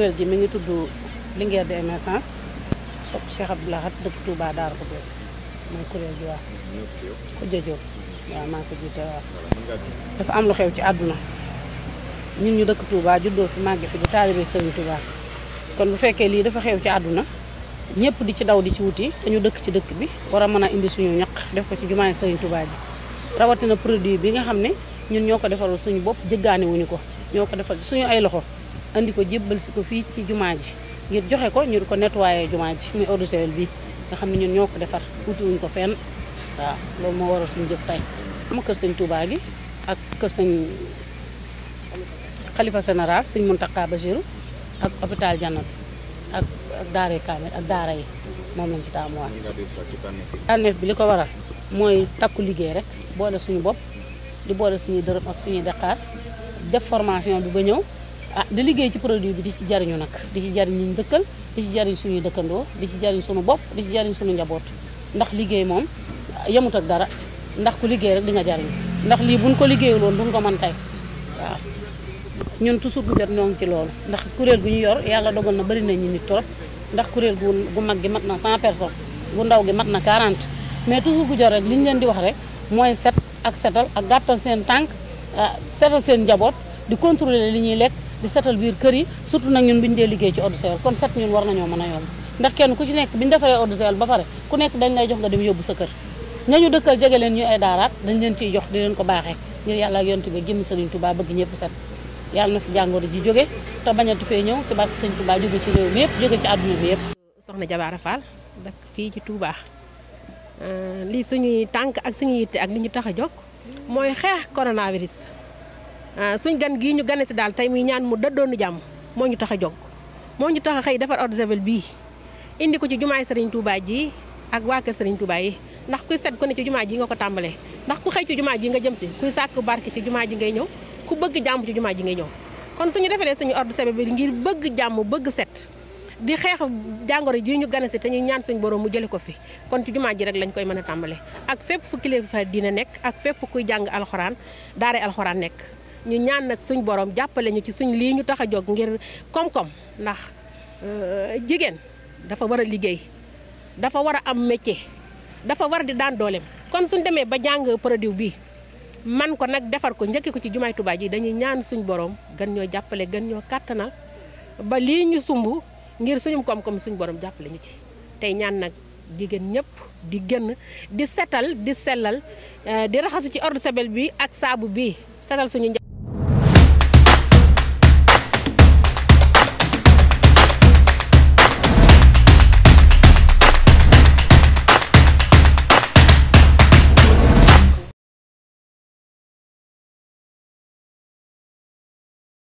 kuréel mi ngi tudd Linguère de émergence sopp Cheikh Abdou Lahad dëkk Touba Darou Khoudoss mooy kuréel gi waaw ko jëjoo waaw maa ko jiite waaw dafa am lu xew ci àdduna ñun ñu dëkk Touba juddoo fi màgge fi di taalibe Sëriñ Touba kon bu fekkee lii dafa xew ci àdduna ñëpp di ci daw di ci wuti te ñu dëkk ci dëkk bi war a mën a indi suñu ñaq def ko ci jumaay Sëriñ Touba ji rawatina produit bi nga xam ne ñun ñoo ko defaral suñu bopp jëggaane wuñu ko ñoo ko defal suñu ay loxo andi ko jébbal si ko fii ci jumaa ji ngir joxe ko ñu di ko nettoyé jumaa ji muy eau bi nga xam ne ñun ñoo ko defar utiwuñ ko fenn waaw loolu moo waral suñ jëf tey ama kër sëñ Touba ak kër sëñ xalifa général sëñ Mountakha Bassirou ak hôpital Jannat ak ak daara yi ak daara yi moom lañ taamuwaat tànneef bi li ko waral mooy takku liggéey rek boole suñu bopp di boole suñuy dërëm ak suñuy daqaar def formation bi ba ñëw ah di liggéey ci produit bi di ci jariñu nag di ci jariñ liñ dëkkal di jariñ suñuy dëkkandoo di ci jariñ suñu bopp di ci jariñ suñu njaboot ndax liggéey moom ah, yemut ak dara ndax ku liggéey rek di nga jariñ ndax lii buñ ko liggéey woon duñ ko mën tey ñun toujours bu jot ñoo ngi ci loolu ndax kuréel gu ñu yor yàlla dogal na bari na ñu nit trop ndax kuréel gu gu mag gi mat na 100 personnes gu ndaw gi mat na 40 mais toujours bu jot rek li ñu leen di wax rek mooy set ak setal ak gàttal seen tànk ah, setal seen njaboot di contrôler li ñuy lekk di setal biir kër yi surtout nag ñun buñ ñu dee liggéey ci eau de Javel kon set ñun war nañoo mën a yoon ndax kenn ku ci nekk bi ñu defaree eau de Javel ba pare ku nekk dañ lay jox nga dem yóbbu sa kër ñañu dëkkal jege leen ñu ay daaraat dañ leen ciy jox di leen ko baaxee ngir yàlla ak yontu bi jëm Sëriñ Tuubaa bëgg ñëpp set yàlla fi jàngoro ji jóge te bañatu fee ñëw ci barke Sëriñ Tuubaa jóge ci réew mi yëpp jóge ci àdduna bi yëpp soxna Jabaara Fall dak fii ci Touba euh, lii suñuy tànk ak suñuy yitte ak li ñu tax a jóg mooy xeex coronavirus Ah, suñ gan gii ñu gane si daal tey muy ñaan mu dëddoonu jàmm moo ñu tax a jóg moo ñu tax a xëy defar eau bii indi ko ci jumaay Serigne Touba ji ak waa kër Serigne Touba yi ndax kuy set ku ne ci jumaa ji nga ko tàmbalee ndax ku xëy jumaa ji nga jëm si kuy sàkk barke ci jumaa ji ngay ñëw ku bëgg jàmm ci jumaa ji ngay ñëw kon suñu defalee suñu eau de javel ngir bëgg jàmm bëgg set di xeex jàngoro ji ñu gane si te ñu ñaan suñ borom mu jële ko fi kon ci jumaa ji rek lañ koy mën a tàmbale ak fépp fu kilifa dina nekk ak fépp kuy jàng alxuraan daare alxuraan ñu ñaan nag suñ boroom jàppale ñu ci suñ lii ñu tax a jóg ngir koom-koom ndax euh, jigéen dafa war a liggéey dafa war a am métier dafa war di daan dooleem. kon suñ demee ba jàng produit bi man ko nag defar ko njëkki ko ci jumaay Tuubaa ji dañuy ñaan suñ boroom gën ñoo jàppale gën ñoo kàttana ba lii ñu sumb ngir suñu koom-koom suñ borom jàppale ñu ci tey ñaan nag jigéen ñëpp di génn di setal di sellal euh, di raxasu ci ordre sabel bi ak saabu bi setal suñu